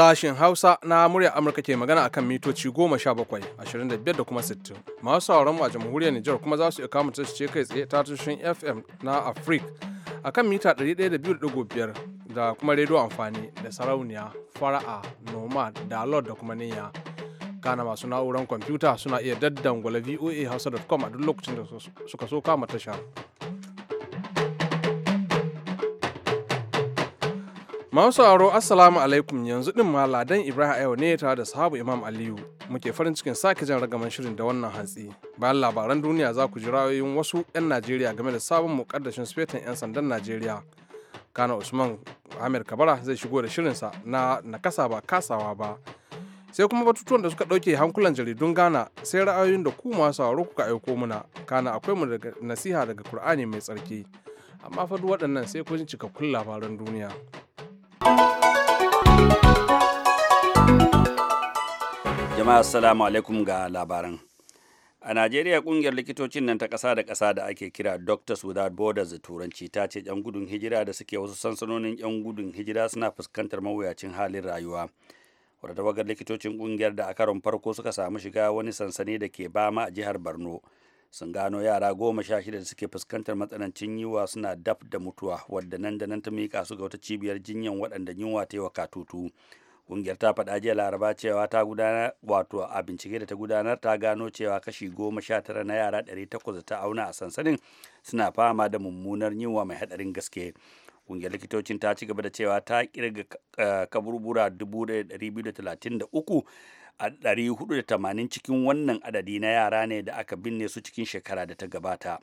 Sashen Hausa na murya Amurka ke magana akan mitoci sha 17, 25 da kuma 60. Masu sauran mu a jamhuriyar Nijar kuma za su iya kama ta ce kai tsaye ta tushen FM na Afrik akan mita 102.5 da da kuma rediyo amfani da sarauniya, fara'a, nomad, lord da kuma niyya. Kana masu na'uran kwamfuta suna iya daddangwala voa hausa.com a duk lokacin da suka so kama tasha. Masu sauraro Assalamu alaikum yanzu din ma Ladan Ibrahim yau ne tare da sahabu Imam Aliyu muke farin cikin sake jan ragaman shirin da wannan hantsi. Bayan labaran duniya za ku ji ra'ayoyin wasu 'yan Najeriya game da sabon mukaddashin sufetin 'yan sandan Najeriya. Kana Usman Ahmed Kabara zai shigo da shirinsa na nakasa ba kasawa ba. Sai kuma batutuwan da suka ɗauke hankulan jaridun Ghana sai ra'ayoyin da ku masu aro kuka aiko muna. Kana akwai mu daga nasiha daga Kur'ani mai tsarki. Amma fa duk waɗannan sai kun cikakkun labaran duniya. jama'a assalamu alaikum ga labaran a najeriya kungiyar likitocin nan ta ƙasa da ƙasa da ake kira doctors without borders turanci ta ce yan gudun hijira da suke wasu sansanonin yan gudun hijira suna fuskantar mawuyacin halin rayuwa wata tawagar likitocin kungiyar da a karon farko suka samu shiga wani sansani da ke bama a jihar borno sun gano yara goma sha shida da suke fuskantar matsanancin yiwa suna daf da mutuwa wadda nan da nan ta mika su ga wata cibiyar jinyan waɗanda yunwa ta yi katutu kungiyar ta faɗa jiya laraba cewa ta gudanar wato a bincike da ta gudanar ta gano cewa kashi goma sha tara na yara ɗari takwas ta auna a sansanin suna fama da mummunar yunwa mai haɗarin gaske kungiyar likitocin ta ci gaba da cewa ta kirga kaburbura uku a tamanin cikin wannan adadi na yara ne da aka binne su cikin shekara da ta gabata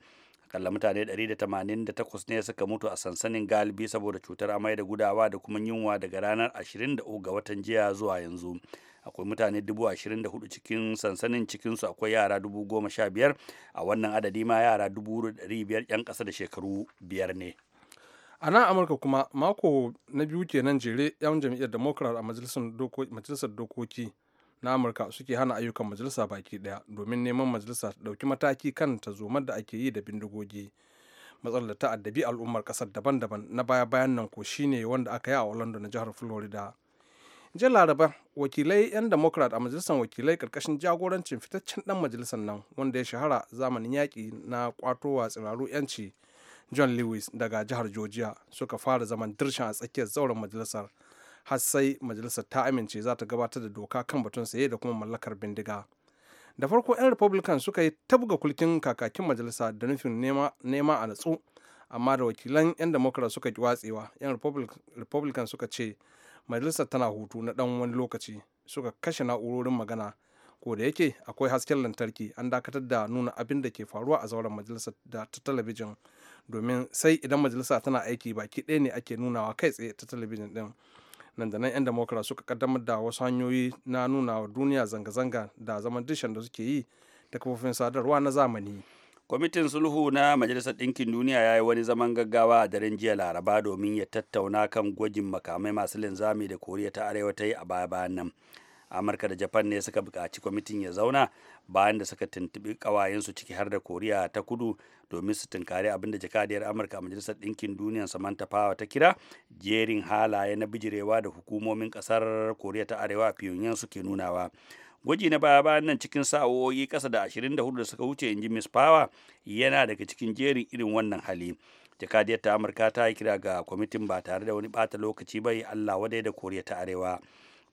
akalla mutane 188 ne suka mutu a sansanin galibi saboda cutar amai da gudawa da kuma yunwa daga ranar 23 ga watan jiya zuwa yanzu akwai mutane 24,000 cikin sansanin cikinsu akwai yara 15,000 a wannan adadi ma yara 500 'yan ƙasa da shekaru biyar ne a nan amurka kuma mako na biyu kenan jere 'yan jam'iyyar democrat a majalisar dokoki na amurka suke hana ayyukan majalisa baki daya domin neman majalisa ta dauki mataki kan ta zoma da ake yi da bindigogi matsalar ta addabi al'ummar kasar daban-daban na baya-bayan nan ko shine wanda aka yi a orlando na jihar florida jiya laraba wakilai 'yan democrat a majalisar wakilai karkashin jagorancin fitaccen dan majalisar nan wanda ya shahara zamanin yaƙi na kwatowa tsiraru 'yanci john lewis daga jihar georgia suka fara zaman dirshan a tsakiyar zauren majalisar har sai majalisar ta amince za ta gabatar da doka kan batun saye da kuma mallakar bindiga da farko 'yan republican suka yi ta buga kulkin kakakin majalisa da nufin nema a natsu amma da wakilan 'yan democrat suka ki watsewa 'yan republican suka ce majalisar tana hutu na dan wani lokaci suka kashe na'urorin magana ko da yake akwai hasken lantarki an dakatar da nuna abin da ke faruwa a zauren majalisar da ta talabijin domin sai idan majalisa tana aiki baki ɗaya ne ake nunawa kai tsaye ta talabijin din nan da nan 'yan democrat suka kaddamar da wasu hanyoyi na nuna wa duniya zanga-zanga da zaman dishan da suke yi da kafofin sadarwa na zamani kwamitin sulhu na majalisar ɗinkin duniya ya yi wani zaman gaggawa a daren jiya laraba domin ya tattauna kan gwajin makamai masu linzami da koriya ta arewa ta yi a baya bayan nan amurka da japan ne suka bukaci kwamitin ya zauna bayan da suka tuntuɓi ƙawayensu ciki har da koriya ta kudu domin su tunkari abin da jakadiyar amurka a majalisar ɗinkin duniya samantha power ta kira jerin halaye na bijirewa da hukumomin ƙasar koriya ta arewa pyongyang suke nunawa gwaji na baya bayan nan cikin sa'o'i kasa da 24 da suka wuce inji miss power yana daga cikin jerin irin wannan hali jakadiyar ta amurka ta yi kira ga kwamitin ba tare da wani bata lokaci bai allah wadai da koriya ta arewa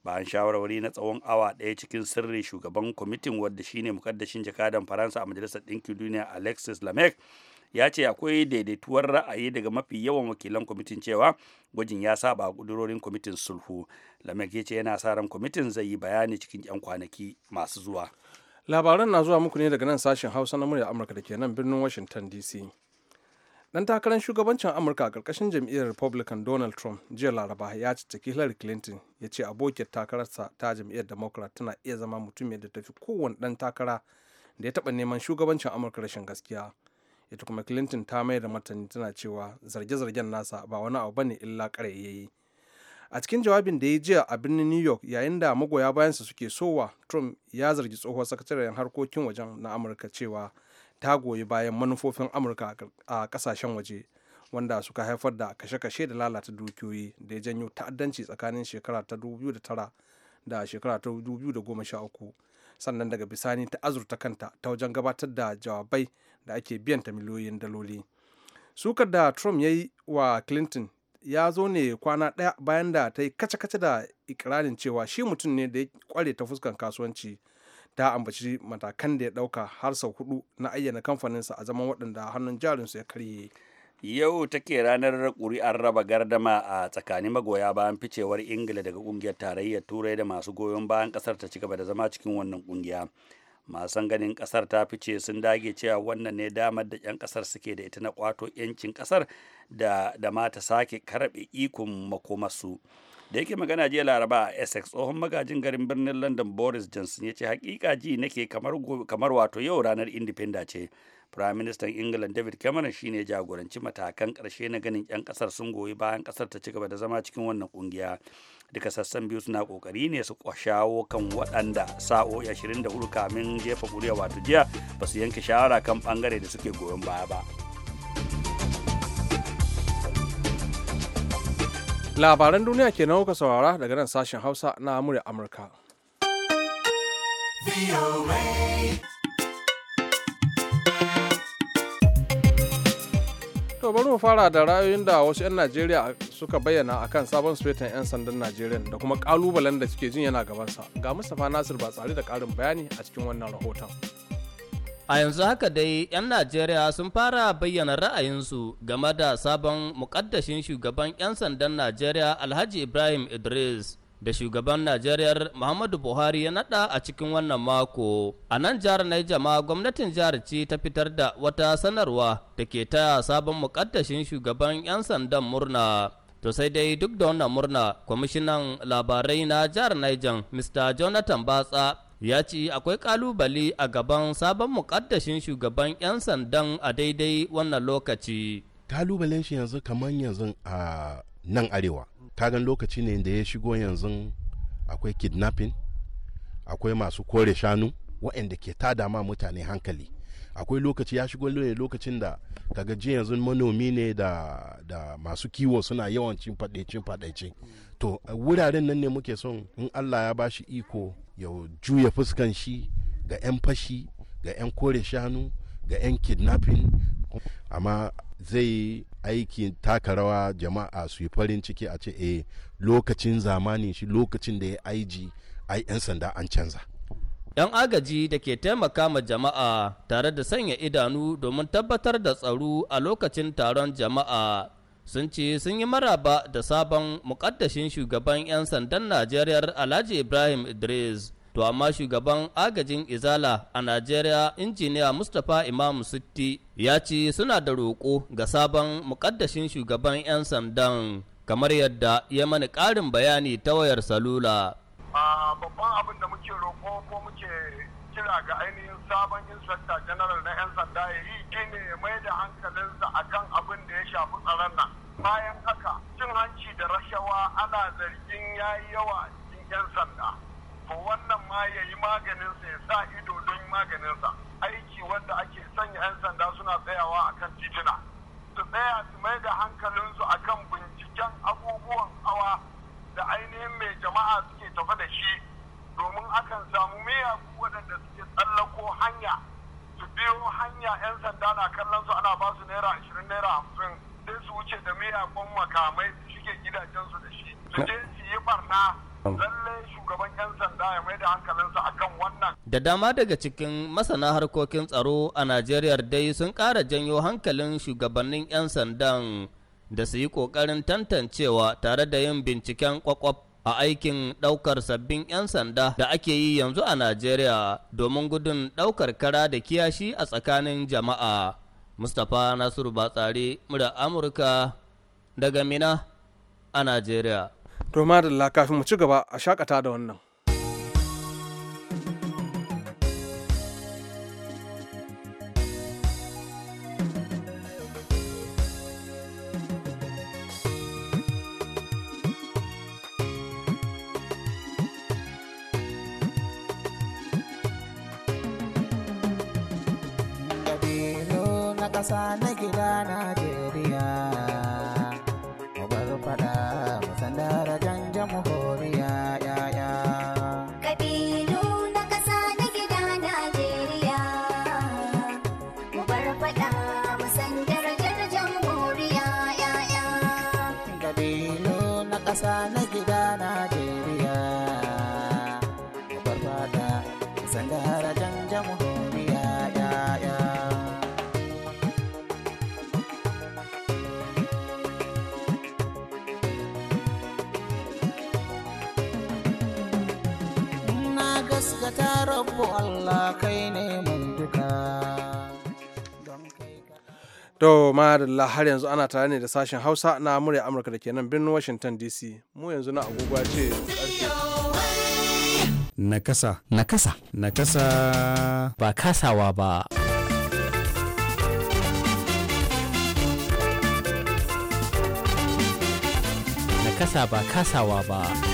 bayan shawarwari na tsawon awa ɗaya cikin sirri shugaban kwamitin wadda shine mukaddashin jakadan faransa a majalisar ɗinkin duniya alexis lamek ya ce akwai daidaituwar ra'ayi daga mafi yawan wakilan kwamitin cewa gwajin ya saba kudurorin kwamitin sulhu lamek ya ce yana sa ran kwamitin zai yi bayani cikin 'yan kwanaki masu zuwa labaran na zuwa muku ne daga nan sashen hausa na murya amurka da ke nan birnin washington dc dan takarar shugabancin amurka a karkashin jam'iyyar republican donald trump jiya laraba ya cicciki hillary clinton ya ce abokiyar takararsa ta jam'iyyar democrat tana iya zama mutum da tafi kowane dan takara da ya taba neman shugabancin amurka rashin gaskiya ita kuma clinton ta mai da martani tana cewa zarge-zargen nasa ba wani abu bane illa karayayi a cikin jawabin da ya jiya a birnin new york yayin da magoya bayansa suke sowa trump ya zargi tsohuwar sakataren harkokin wajen na amurka cewa ta goyi bayan manufofin amurka a kasashen waje wanda suka haifar da kashe-kashe da lalata dukiyoyi da ya janyo ta'addanci tsakanin shekara ta 2009 da shekara ta 2013 sannan daga bisani ta azurta kanta ta wajen gabatar da jawabai da ake biyan ta miliyoyin daloli sukar da trump ya yi wa clinton ya zo ne kwana ɗaya bayan da ta yi kace-kace da ikirarin cewa shi mutum ne da ya kware ta fuskan kasuwanci ta ambaci matakan da ya ɗauka har sau hudu na ayyana kamfaninsa a zaman waɗanda hannun su ya karye yau take ranar ƙuri'ar raba gardama a tsakanin magoya bayan ficewar ingila daga ƙungiyar tarayyar turai da masu goyon bayan ƙasar ta ci gaba da zama cikin wannan ƙungiya masu ganin ƙasar ta fice sun dage cewa wannan ne damar da 'yan kasar suke da ita na kwato 'yancin ƙasar da, da ma ta sake karbe ikon makomarsu da yake magana jiya laraba a essex tsohon magajin garin birnin london boris johnson ya ce hakika ji nake kamar wato yau ranar independa ce prime minister england david cameron shine jagoranci matakan karshe na ganin 'yan kasar sun goyi bayan kasar ta ci gaba da zama cikin wannan kungiya duka sassan biyu suna kokari ne su kwashawo kan waɗanda sa'o'i 24 kamin jefa kuriya wato jiya ba su yanke shawara kan bangare da suke goyon baya ba. labaran duniya ke nan saurara daga nan sashen hausa na murya amurka to bari mu fara da ra'ayoyin da wasu 'yan najeriya suka bayyana kan sabon sufetan 'yan sandan najeriya da kuma kalubalen da suke jin yana gabansa ga mustapha nasir ba tsari da karin bayani a cikin wannan rahoton A yanzu haka dai 'yan Najeriya sun fara bayyana ra'ayinsu game da sabon mukaddashin shugaban 'yan sandan Najeriya Alhaji Ibrahim Idris da shugaban Najeriya Muhammadu Buhari ya naɗa a cikin wannan mako. A nan jihar Naija ma gwamnatin jihar ce ta fitar da wata sanarwa da ke taya sabon mukaddashin shugaban 'yan sandan murna. To sai dai duk da wannan murna, kwamishinan labarai na jihar Niger, Mr. Jonathan Batsa ya ce akwai kalubale a gaban sabon mukaddashin shugaban 'yan sandan a daidai wannan lokaci kalubalen shi yanzu kamar yanzu a nan arewa kagan lokaci ne da ya shigo yanzu akwai kidnapping akwai masu kore shanu waɗanda ke ta dama mutane hankali akwai lokaci ya shigo ne lokacin da kaga ji yanzu manomi ne da, masu kiwo suna yawan cin faɗaice to wuraren nan ne muke son in allah ya bashi iko ya juya fuskan shi ga 'yan fashi ga 'yan kore shanu ga 'yan kidnapping amma zai yi aiki taka rawa jama'a su yi farin ciki a ce e lokacin zamani shi lokacin da ya aiji ai 'yan sanda an canza yan agaji da ke taimaka ma jama'a tare da sanya idanu domin tabbatar da tsaro a lokacin taron jama'a sun ce sun yi maraba da sabon mukaddashin shugaban 'yan sandan Najeriya Alhaji Ibrahim Idris. To amma shugaban agajin Izala a Najeriya injiniya Mustapha Imam Sitti ya ce suna da roƙo ga sabon mukaddashin shugaban 'yan sandan kamar yadda ya mani ƙarin bayani ta wayar salula. Babban abin da muke roƙo ko muke kira ga ainihin sabon inspector general na 'yan sanda ya yi shine ya mai da hankalinsa akan abin da ya shafi tsaron nan bayan haka cin hanci da rashawa ana zargin ya yi yawa a cikin 'yan sanda to wannan ma ya yi maganinsa ya sa ido don maganinsa aiki wanda ake sanya 'yan sanda suna tsayawa akan titina su tsaya su mai da hankalinsu akan binciken abubuwan awa da ainihin mai jama'a suke tafa da shi domin akan samu miyagu waɗanda su tsallako hanya su biyo hanya 'yan sanda na kallon su ana ba su naira ashirin naira hamsin sai su wuce da miyagun makamai su shige su da shi su je su yi barna lallai shugaban 'yan sanda ya mai da hankalinsa akan wannan da dama daga cikin masana harkokin tsaro a najeriya dai sun kara janyo hankalin shugabannin 'yan sandan da su yi kokarin tantancewa tare da yin binciken kwakwaf a aikin ɗaukar sabbin 'yan sanda da ake yi yanzu a Najeriya domin gudun ɗaukar kara da kiyashi a tsakanin jama'a. Mustapha Nasiru Batsari, mura Amurka daga Mina a Najeriya. To, kafin mu ci gaba a shakata da wannan. kasa nake To madalla har yanzu ana tare ne da sashen Hausa na murya Amurka da ke nan birnin Washington DC. Mu yanzu na agogo ce Nakasa. Nakasa. Nakasa. Ba kasawa ba. Nakasa ba kasawa ba.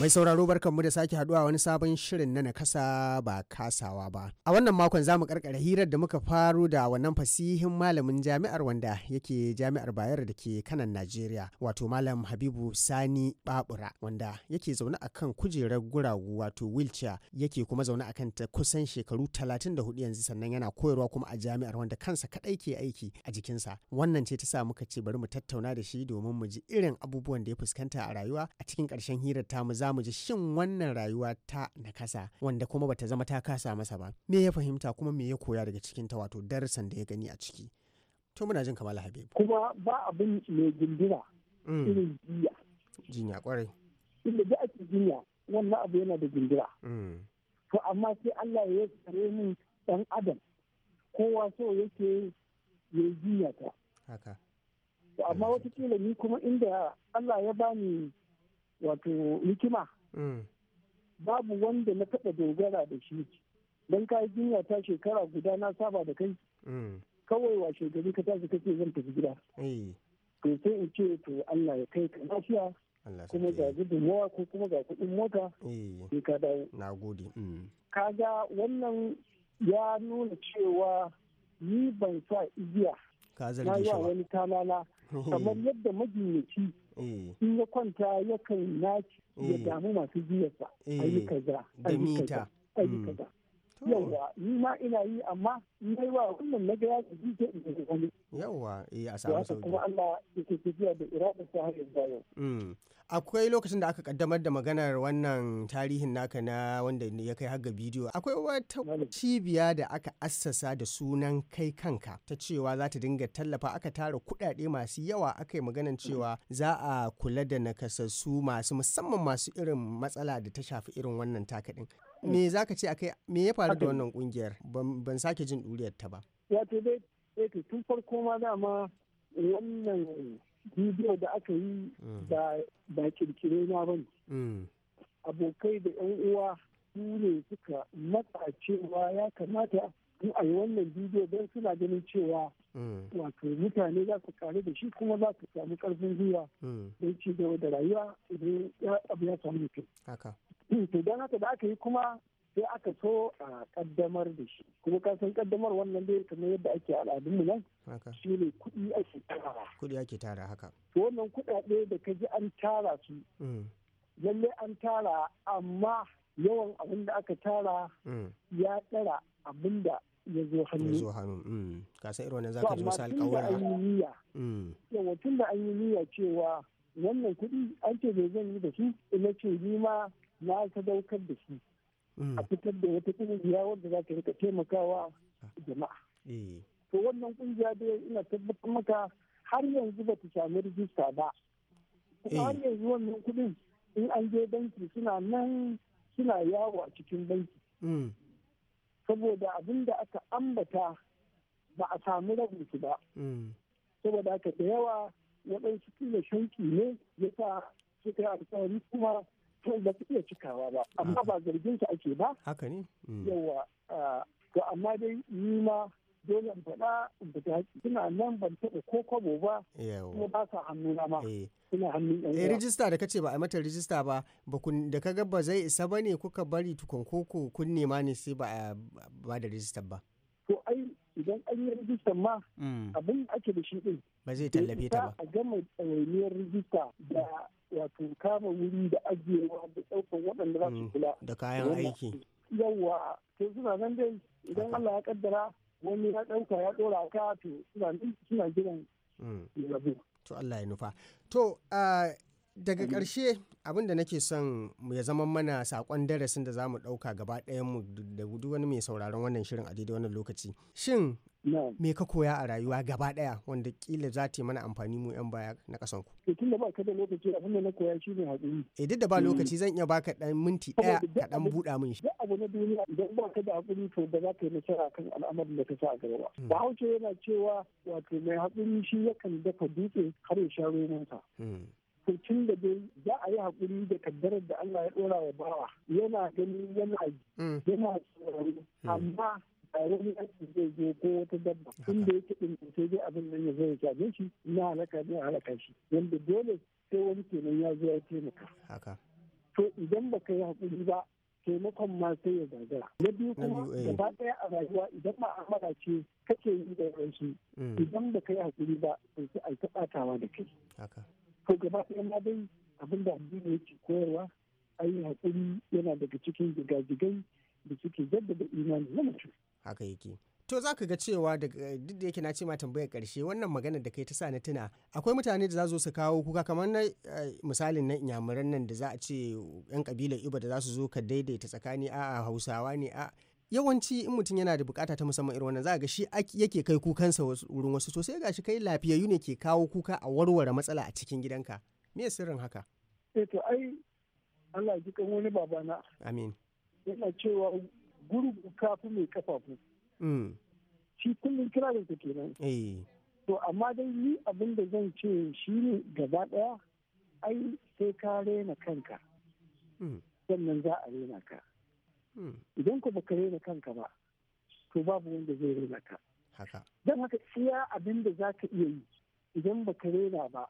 Mai sauraro barkanmu da sake haduwa wani sabon shirin na nakasa ba kasawa ba. A wannan makon za mu karkara hirar da muka faru da wannan fasihin malamin jami'ar wanda yake jami'ar Bayero da ke kanan Najeriya, wato Malam Habibu Sani Babura wanda yake zaune a kan kujerar guragu wato wheelchair yake kuma zaune a kan ta kusan shekaru 34 yanzu sannan yana koyarwa kuma a jami'ar wanda kansa kadai ke aiki a jikinsa. Wannan ce ta sa muka ce bari mu tattauna da shi domin mu ji irin abubuwan da ya fuskanta a rayuwa a cikin karshen hirar tamu za za mu ji shin wannan rayuwa ta nakasa wanda kuma bata zama ta kasa masa ba me ya fahimta kuma me ya koya daga cikin ta wato darasin da ya gani a ciki to muna jin kamala habib kuma ba abin mai gindira mm. irin jinya jinya kwarai inda da ake jinya wannan abu yana da gindira mm. to amma sai Allah ya tsare min dan adam kowa so yake ya jinya ta haka amma wata ni kuma inda Allah ya bani wato hikima mm. babu wanda na taɓa dogara da shi don ka yi jinya ta shekara guda na saba da kai mm. kawai wa shekaru ka tashi kake zan tafi gida to sai in ce to Allah ya kai ka lafiya kuma ga gudunmawa ko kuma ga kuɗin mota sai ka dawo na gode mm. kaga wannan ya nuna cewa ni ban sa igiya na yi wani talala Oh. kamar yadda majinyaci oh. in ya kwanta yakan naci ya oh. damu masu jiyarsa ayi kaza ayi mm. kaza ayi kaza yawa ni ma ina yi amma Mm. akwai lokacin da aka kaddamar da maganar wannan tarihin naka na wanda ya kai har ga bidiyo akwai wata cibiya da aka assasa da sunan kai kanka ta cewa za ta dinga tallafa aka tara kuɗaɗe masu yawa aka yi maganar cewa za a kula da nakasassu masu musamman masu irin matsala da ta shafi irin wannan takaɗin mm. me za ka ce akai me ya faru da wannan kungiyar ban sake jin jamhuriyar ta ba. Wato dai, to tun farko ma dama wannan bidiyo da aka yi mm. ba kirkire na ba ne. Mm. Abokai da 'yan uwa su ne suka matsa cewa ya kamata in a yi wannan bidiyo don suna ganin cewa mm. wato mutane za su kare da shi kuma za su samu karfin gwiwa don ci gaba da rayuwa idan abu ya samu mutum. To don haka da aka yi kuma sai aka so a kaddamar da shi kuma ka san kaddamar wannan dai kamar yadda ake al'adun mu nan shi ne kuɗi ake tara kuɗi ake tara haka wannan kuɗaɗe da ka ji an tara su mm. lalle an tara amma yawan abin da aka tara mm. ya tsara abin da ya zo hannu ya zo hannu mm. ka san irin wannan zaka ji wasu alƙawura yawa tun da an yi niyya cewa wannan kuɗi an ce bai zan yi da shi ina ce ni ma na sadaukar da shi a mm. fitar da wata kungiya wanda za ta rika taimakawa jama'a eh. to wannan kungiya dai ina tabbatar maka har yanzu ba ta sami rijista ba kuma har eh. yanzu wannan kudin in an je banki suna nan suna yawo a cikin banki mm. saboda abin da aka ambata ba a sami rabin su ba mm. saboda haka da yawa waɗansu kila shanki ne ya sa suka yi alkawari kuma to ba su iya cikawa ba amma ba zargin ta ake ba haka ne hmm. yawa to amma dai ni ma dole in faɗa suna nan ban taɓa ko kwabo ba kuma ba sa hannu na ma suna hannu ɗan eh, eh rijista da kace ba a mata rijista ba ba kun da ga ba zai isa bane kuka bari tukun koko kun nema ne sai ba ba da rijista ba idan an yi rijista ma mm. abin da ake da shi din ba zai tallafe ta ba a gama tsawainiyar rijista da wato kama wuri da ajiyewa da ɗaukar waɗanda za su mm. kula da kayan aiki yawwa to suna nan dai idan Allah ya kaddara wani ya ɗauka ya ɗora ka to suna nan suna jiran mm. to Allah ya nufa to ah, daga ƙarshe abin da nake son ya zama mana sakon darasin da za mu ɗauka gaba mu da duk wani mai sauraron wannan shirin a daidai wannan lokaci shin me ka koya a rayuwa gaba ɗaya wanda kila za ta mana amfani mu yan baya na ƙasan ku tun da ba ka da lokaci abin da na koya shi ne haƙuri eh duk da ba mm. lokaci zan iya baka ɗan minti ɗaya ka ɗan buɗa min shi duk abu na duniya idan ba ka da haƙuri to ba za ka yi nasara kan al'amarin da ka sa a gaba ba mm. bahaushe yana cewa wato mai haƙuri shi yakan dafa dutse har ya sha romansa mm. to tun da dai za a yi hakuri da kaddarar da Allah ya ɗora wa bawa yana gani yana mm. yana tsoro mm. amma wani aiki zai zo ko wata dabba da yake ɗinke dai abin nan ya zo ya kyaje shi na halaka halaka shi wanda dole sai wani kenan ya zo ya taimaka. To idan ba ka yi haƙuri ba taimakon ma sai ya gagara. Na biyu kuma eh. gaba ɗaya a rayuwa idan mara ce kake yi da yawanci mm. idan ba ka yi haƙuri ba sai a taɓatawa da kai. ko gaba ɗaya ma dai abin da da yake koyarwa ayi hakuri yana daga cikin gigajigai da suke jaddada imani na mutum haka yake to za ka ga cewa duk da yake na ce ma tambayar karshe wannan magana da kai ta sa na tuna akwai mutane da za su kawo kuka kamar na eh, misalin na inyamuran nan da za a ce yan kabilar iba da za su zo ka daidaita tsakani a hausawa ne a yawanci in mutum yana da bukata ta musamman irin wannan za ga shi yake kai kukansa wurin wasu to sai gashi kai lafiyayyu ne ke kawo kuka a warware matsala a cikin gidanka me sirrin haka eh to ai Allah ji kan wani babana amin yana cewa gurgu kafu mai kafafu mm shi kullum kira da nan. eh to amma dai ni abin da zan ce shi ne gaba daya ai sai ka rena kanka mm. sannan za a rena ka Hmm. idan ku baka rena kanka ba to babu wanda zai rena ka don haka iya abin da za ka iya yi idan baka rena ba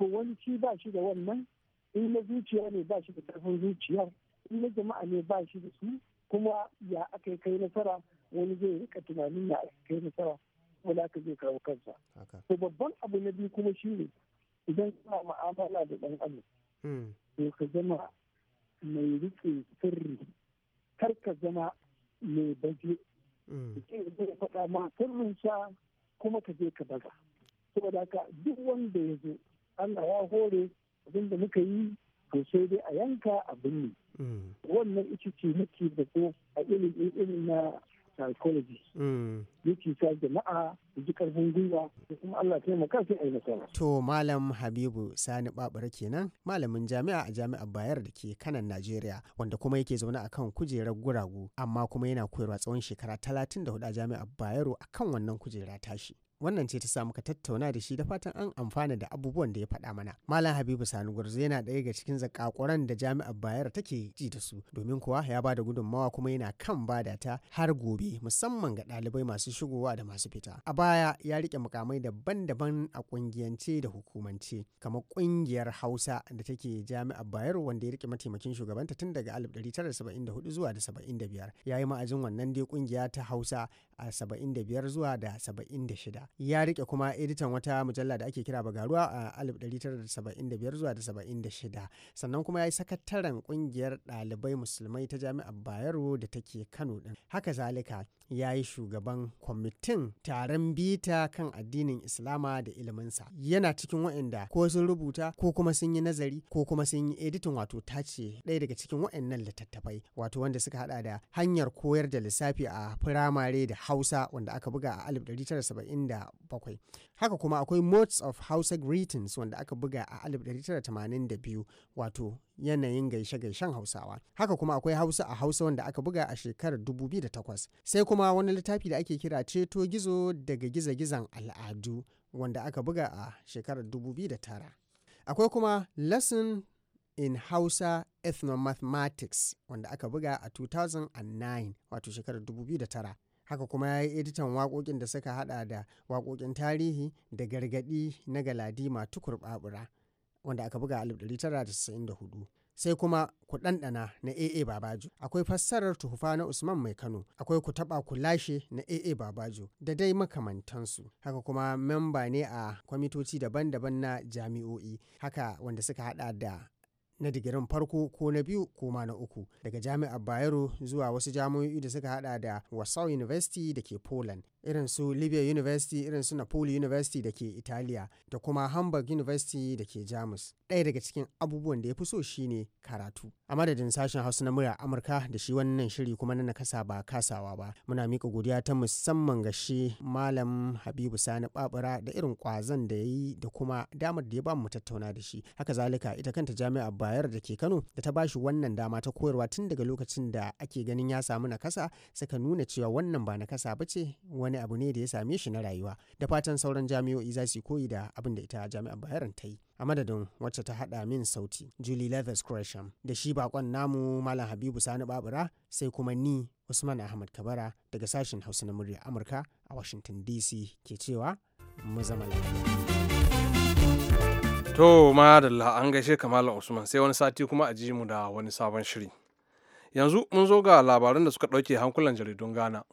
to wani shi ba shi da wannan in na zuciya ne ba shi da karfin zuciyar in na jama'a ne ba shi da su kuma ya aka yi kai nasara wani zai rika tunanin ya aka kai nasara wala aka zai kawo kansa to babban abu na biyu kuma shi ne idan kana mu'amala da dan adam hmm. to ka zama mai rike sirri kar ka zama mai baje mm. mutum zai faɗa ma sirrinsa kuma ka je ka baza saboda haka duk wanda ya zo Allah ya hore abin da muka yi to sai dai a yanka abin ne mm. wannan ita ce nake da ko a ilimin irin na psychology yake mm. sa jama'a ji karfin gwiwa Allah taimaka sai a yi To Malam Habibu Sani Babura kenan malamin jami'a a jami'ar Bayar da ke kanan Najeriya wanda kuma yake zaune a kan kujerar guragu amma kuma yana koyarwa tsawon shekara talatin da hudu a jami'ar Bayero a kan wannan kujera tashi. wannan ce ta samu muka tattauna da shi da fatan an amfana da abubuwan da ya faɗa mana malam habibu sani gwarzo yana ɗaya ga cikin zakakuran da jami'ar bayar take ji da su domin kuwa ya ba da gudunmawa kuma yana kan bada ta har gobe musamman ga ɗalibai masu shigowa da masu fita a baya ya riƙe mukamai daban-daban a ƙungiyance da hukumance kamar ƙungiyar hausa da take jami'ar bayar wanda ya riƙe mataimakin shugabanta tun daga 1974 zuwa da biyar, ya yi ma'ajin wannan dai ƙungiya ta hausa a 75 zuwa da 76 ya rike kuma editan wata mujalla da ake kira bagaruwa a 1975 zuwa da 76 sannan kuma ya yi sakataren kungiyar ɗalibai musulmai ta jami'ar bayero da take kano din haka zalika ya yi shugaban kwamitin taron bita kan addinin Islama da iliminsa. Yana cikin wa'inda ko sun rubuta ko kuma sun yi nazari ko kuma sun yi editin wato tace ɗaya daga cikin waɗannan littattafai wato wanda suka hada da hanyar koyar da lissafi a firamare da Hausa wanda aka buga a 1977. haka kuma akwai modes of hausa greetings wanda aka buga a 1982 wato yanayin gaishe-gaishen hausawa haka kuma akwai hausa a hausa wanda aka buga a shekarar 2008 sai kuma wani littafi da ake kira ceto gizo daga giza-gizan al'adu wanda aka buga a shekarar 2009 akwai kuma lesson in Hausa Ethnomathematics wanda aka buga a 2009 wato shekarar 2009 haka kuma ya yi editan waƙoƙin da suka hada da waƙoƙin tarihi da gargaɗi na galadima tukur babura wanda aka buga a 1994 sai kuma ku ɗanɗana na aa babaju akwai fassarar tuhufa na usman mai kano akwai ku taɓa ku lashe na aa babaju da dai makamantansu haka kuma memba ne a kwamitoci daban-daban na jami'o'i haka wanda suka hada da na digirin farko ko na biyu ko ma na uku daga jami'ar bayero zuwa wasu jami'o'i da suka hada da wasau university da ke poland irin su libya university irin su napoli university da ke italiya da kuma hamburg university da ke jamus ɗaya daga cikin abubuwan da ya fi so shine karatu a madadin sashen hausa na murya amurka da shi wannan shiri kuma na nakasa ba kasawa ba muna mika godiya ta musamman ga shi malam habibu sani babura da irin kwazon da ya yi da kuma damar da ya ba mu tattauna da shi haka zalika ita kanta jami'a bayar da ke kano da ta bashi wannan dama ta koyarwa tun daga lokacin da ake ganin ya samu nakasa suka nuna cewa wannan ba nakasa ba ce wani wani abu ne da ya same shi na rayuwa da fatan sauran jami'o'i za su koyi da abin da ita jami'ar bayaran ta yi. A madadin wacce ta haɗa min sauti Julie levis Gresham da shi bakon namu Malam Habibu Sani Babura sai kuma ni Usman Ahmad Kabara daga sashen Hausa na murya Amurka a Washington DC ke cewa mu zama ma To madalla an gaishe kamala Usman sai wani sati kuma a ji mu da wani sabon shiri. Yanzu mun zo ga labaran da suka ɗauke hankulan jaridun Ghana.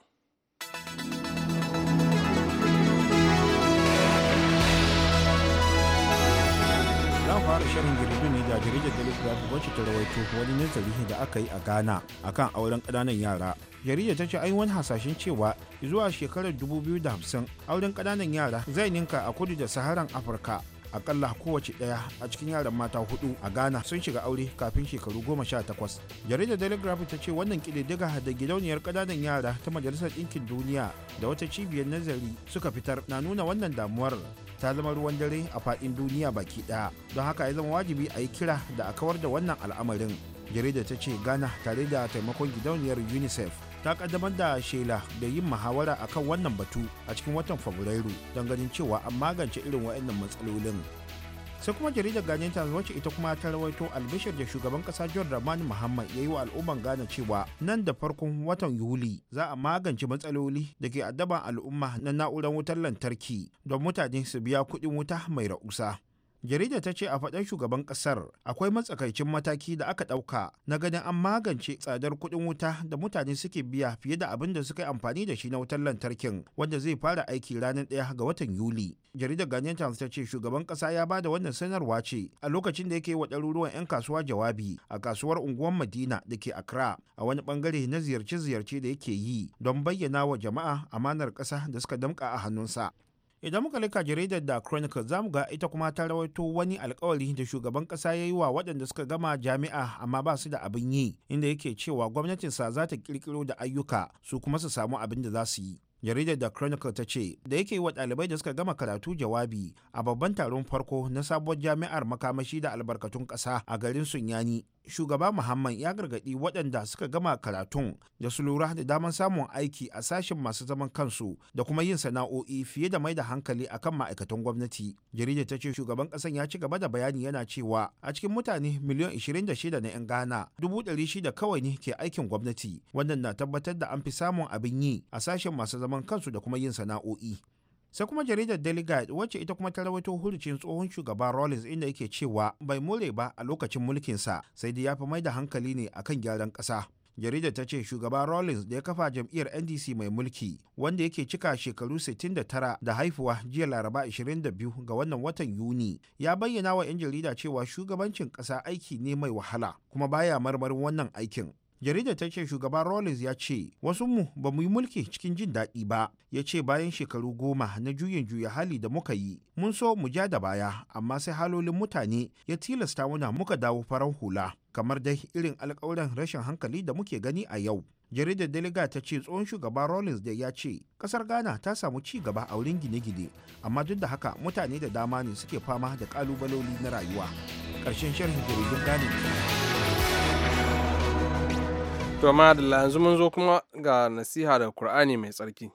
fara shirin girbi ne da jaridar daily wacce ta rawaito wani nazari da aka yi a ghana akan auren ƙananan yara jaridar ta ce ai wani hasashen cewa zuwa shekarar 2050 auren ƙananan yara zai ninka a kudu da saharan afirka akalla kowace ɗaya a cikin yaran mata hudu a ghana sun shiga aure kafin shekaru goma sha takwas jaridar daily graphic ta ce wannan kile-daga da gidauniyar ƙananan yara ta majalisar ɗinkin duniya da wata cibiyar nazari suka fitar na nuna wannan damuwar ta zama ruwan dare a faɗin duniya baki ɗaya don haka ya zama wajibi a yi kira da a kawar da wannan al'amarin jaridar ta ce ghana tare da taimakon gidauniyar unicef ta kaddamar da shela da yin muhawara a kan wannan batu a cikin watan fabrairu don ganin cewa an magance irin waɗannan matsalolin sai kuma jaridar gane ta wacce ita kuma ta rawaito albishir da shugaban kasa john ramani muhammad ya yi wa al'umman gane cewa nan da farkon watan yuli za a magance matsaloli da ke addaban al'umma na na'urar wutar lantarki don mutane su biya kuɗin wuta mai ra'usa jarida ta ce a faɗar shugaban ƙasar akwai matsakaicin mataki da aka ɗauka na ganin an magance tsadar kuɗin wuta da mutane suke biya fiye da abin da suka yi amfani da shi na wutar lantarkin wanda zai fara aiki ranar ɗaya ga watan yuli jaridar ghanaian times ta ce shugaban ƙasa ya ba da wannan sanarwa ce a lokacin da yake yi wa ɗaruruwan 'yan kasuwa jawabi a kasuwar unguwar madina da ke accra a wani ɓangare na ziyarce-ziyarce da yake yi don bayyana wa jama'a amanar ƙasa da suka damƙa a hannunsa idan muka lika jaridar da chronicle za mu ga ita kuma ta rawaito wani alkawari da shugaban kasa ya yi wa waɗanda suka gama jami'a amma ba su da abin yi inda yake cewa gwamnatinsa za ta kirkiro da ayyuka su kuma su samu abin da za su yi jaridar da chronicle ta ce da yake yi wa ɗalibai da suka gama karatu jawabi a babban taron farko na sabuwar jami'ar makamashi da albarkatun ƙasa a garin sunyani shugaba muhammad ya gargaɗi waɗanda suka gama karatun da su lura da damar samun aiki a sashen masu zaman kansu da kuma yin sana'o'i fiye da mai da hankali a kan ma'aikatan gwamnati jaridar ta ce shugaban ƙasan ya ci gaba da bayani yana cewa a cikin mutane miliyan 26 na 'yan ghana dubu ɗari shida kawai ne ke aikin gwamnati wannan na tabbatar da an fi samun abin yi a sashen masu zaman kansu da kuma yin sana'o'i sai kuma jaridar daily guide wacce ita kuma ta rawaito hurucin tsohon shugaba rollins inda yake cewa bai more ba a lokacin mulkinsa sai dai ya fi mai da hankali ne akan gyaran ƙasa jaridar ta ce shugaba rollins da ya kafa jam'iyyar ndc mai mulki wanda yake cika shekaru 69 da haifuwa jiya laraba 22 ga wannan watan yuni ya bayyana wa 'yan jarida cewa shugabancin ƙasa aiki ne mai wahala kuma baya marmarin wannan aikin jaridar ta ce shugaban rollins ya ce wasu mu ba mu yi mulki cikin jin daɗi ba ya ce bayan shekaru goma na juyin juya hali da muka yi mun so mu ja da baya amma sai halolin mutane ya tilasta muna muka dawo farar hula kamar dai irin alƙawuran rashin hankali da muke gani a yau jaridar deliga ta ce tsohon shugaban rollins da ya ce kasar ghana ta samu ci gaba a wurin gine-gine amma duk da haka mutane da dama ne suke fama da kalubaloli na rayuwa ƙarshen sharhin jaridun ghana to madalla yanzu mun zo kuma ga nasiha da kur'ani mai tsarki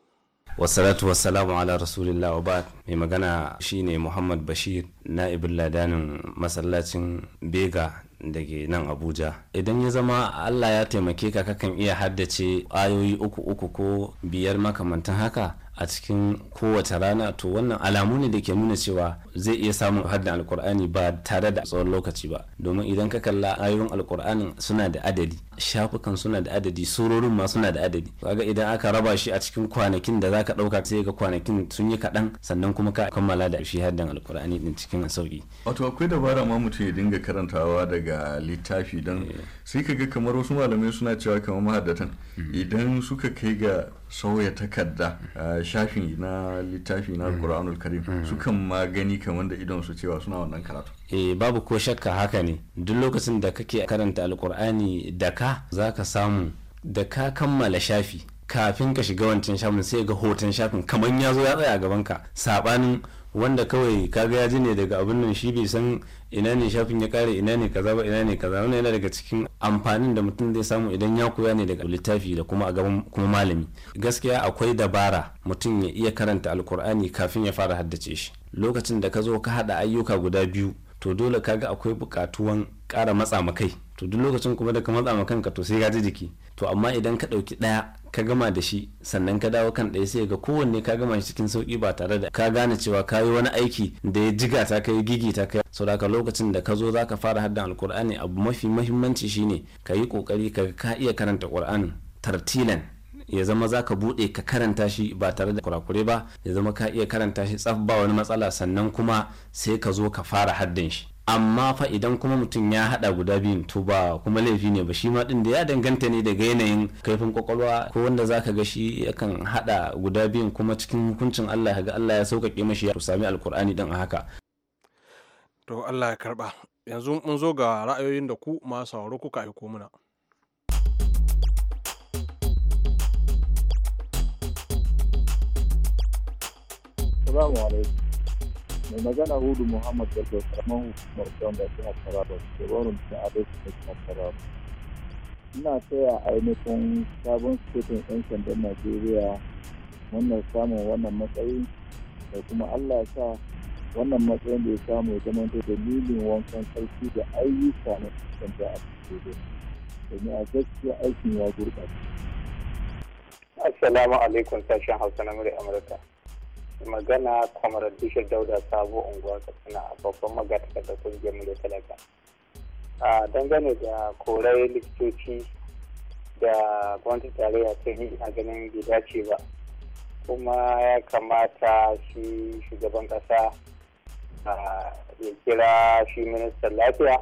wasalatu wasalamu ala rasulillah wa ba'ad mai magana shine muhammad bashir na ladanin masallacin bega da ke nan abuja idan ya zama allah ya taimake ka kakan iya haddace ayoyi uku uku ko biyar makamantan haka a cikin kowace rana to wannan alamu ne da ke nuna cewa zai iya samun haddin alkur'ani ba tare da tsawon lokaci ba domin idan ka kalla ayoyin alkur'anin suna da adadi shafukan suna da adadi surorin ma suna da adadi kaga idan aka raba shi a cikin kwanakin da zaka dauka sai ga kwanakin sun yi kaɗan sannan kuma ka kammala da shi haddan alkur'ani din cikin sauki wato akwai dabara ma mutum ya dinga karantawa daga littafi don eh. sai kaga kamar wasu malamai suna cewa kamar mahaddatan hmm. idan suka kai ga sauya takarda hmm. shafin na littafi na hmm. alkur'anul karim sukan ma gani kamar da idon su cewa suna wannan karatu eh babu ko shakka haka ne duk lokacin da kake karanta alkur'ani da ka ka za ka samu da ka kammala shafi kafin ka shiga wancan shafin sai ga hoton shafin kamar ya zo ya tsaya a gaban ka sabanin wanda kawai kaga ya ji ne daga abin nan shi bai san ina ne shafin ya kare ina ne kaza ba ina ne kaza wannan yana daga cikin amfanin da mutum zai samu idan ya koya ne daga littafi da kuma a gaban kuma malami gaskiya akwai dabara mutum ya iya karanta alkur'ani kafin ya fara haddace shi lokacin da ka zo ka hada ayyuka guda biyu to dole kaga akwai bukatuwan kara matsa makai to duk lokacin kuma da ka matsa ma kanka to sai ka ji jiki to amma idan ka ɗauki ɗaya ka gama da shi sannan ka dawo kan ɗaya sai ga kowanne ka gama cikin sauki ba tare da ka gane cewa ka yi wani aiki da ya jiga ta kai gigi ta kai sau da lokacin da ka zo za ka fara haddan alkur'ani abu mafi mahimmanci shine ka yi kokari ka ka iya karanta ƙur'ani tartilan ya zama za ka buɗe ka karanta shi ba tare da kurakure ba ya zama ka iya karanta shi tsaf ba wani matsala sannan kuma sai ka zo ka fara haddin shi amma fa idan kuma mutum ya hada guda biyun to ba kuma laifi ne ba shi ma din da ya danganta ne daga yanayin kaifin kwakwalwa ko wanda za ka ga shi yakan hada guda biyun kuma cikin hukuncin Allah ya ga Allah ya sauƙaƙe mashi ya sami alkur'ani din a haka to Allah ya karba yanzu mun zo ga ra'ayoyin da ku masu sauraro kuka aiko mana Assalamu alaikum. Mai magana Hudu Muhammad Bello Karaman Hukumar John da Jihar Taraba, Shebarun da Adaisu da Jihar Taraba. Ina taya ainihin sabon sufetin 'yan sandan Najeriya wannan samun wannan matsayi da kuma Allah sa wannan matsayin da ya samu ya zama da dalilin wankan sarki da ayyuka na sanda a cikin domin a gaskiya aikin ya gurɓata. Assalamu alaikum sashen Hausa na Amurka. magana kwamarar bishir dauda sabo unguwa katsina a babban magatakar da kungiyar mu da talaka a dangane da korai likitoci da gwamnatin tarayya ta yi a ganin gida ce ba kuma ya kamata shi shugaban kasa ya kira shi ministan lafiya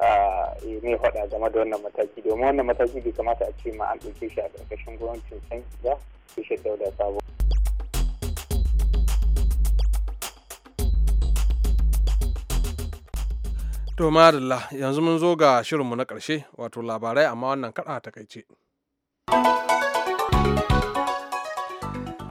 ya mai faɗa game da wannan mataki domin wannan mataki bai kamata a ce ma an ɗauke shi a ƙarƙashin gwamnatin san ba bishir dauda sabo To madalla yanzu mun zo ga shirinmu na ƙarshe wato labarai amma wannan kaɗa takaice.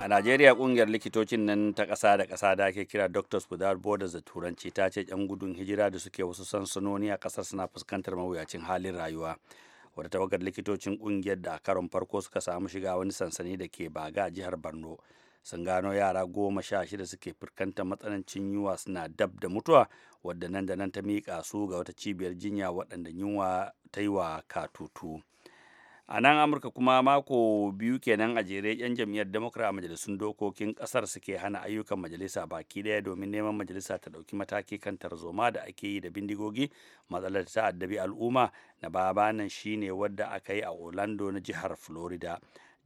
A Najeriya ƙungiyar likitocin nan ta ƙasa da ƙasa da ake kira Doctors Without Borders da Turanci ta ce 'yan gudun hijira da suke wasu sansanoni a ƙasar suna fuskantar mawuyacin halin rayuwa. Wata tawagar likitocin ƙungiyar da a karon farko suka samu shiga wani sansani da ke baga a jihar Borno sun gano yara goma sha shida suke firkanta matsanancin yunwa suna dab da mutuwa wadda nan da nan ta miƙa su ga wata cibiyar jinya waɗanda yunwa ta yi wa katutu a nan amurka kuma mako biyu kenan a jere yan jam'iyyar democrat a majalisun dokokin ƙasar suke hana ayyukan majalisa baki daya domin neman majalisa ta ɗauki mataki kan tarzoma da ake yi da bindigogi matsalar ta addabi al'umma na babanan shine wadda aka yi a orlando na jihar florida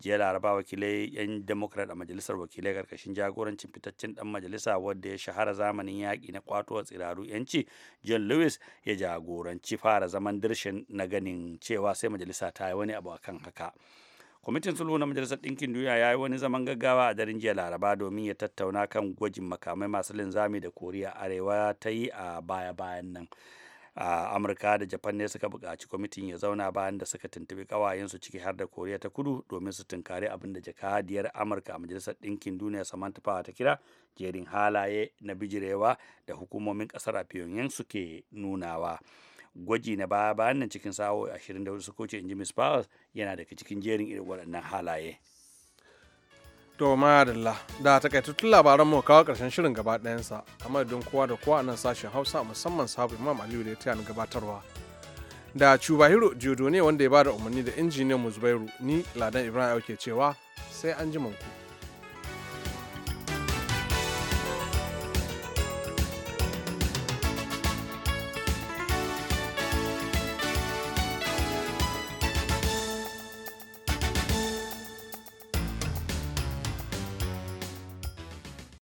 jiya laraba wakilai 'yan democrat a majalisar wakilai karkashin jagorancin fitaccen dan majalisa wadda ya shahara zamanin yaƙi na kwato tsiraru yanci john lewis ya jagoranci fara zaman dirshin na ganin cewa sai majalisa ta yi wani abu akan haka kwamitin sulhu na majalisar ɗinkin duniya ya yi wani zaman gaggawa a daren jiya laraba domin ya tattauna kan gwajin makamai masu linzami da koriya arewa ta yi a baya-bayan nan amurka da japan ne suka buƙaci kwamitin ya zauna bayan da suka tuntubi su ciki har da koriya ta kudu domin su tunkari abin da jakadiyar amurka a majalisar ɗinkin duniya samantha power ta kira jerin halaye na bijirewa da hukumomin ƙasar a pyongyang suke nunawa gwaji na baya bayan nan cikin sa'o'i 24 hudu wuce in ji miss powers yana daga cikin jerin irin waɗannan halaye To madalla da takaitattun labaran mu kawo karshen shirin gaba ɗayansa a madadin kowa da kowa a nan sashen Hausa musamman sabu Imam Aliyu da ya tayar gabatarwa. Da Chubahiro Jodo ne wanda ya bada umarni da injiniyan mu Zubairu ni Ladan Ibrahim ke cewa sai an ji ku.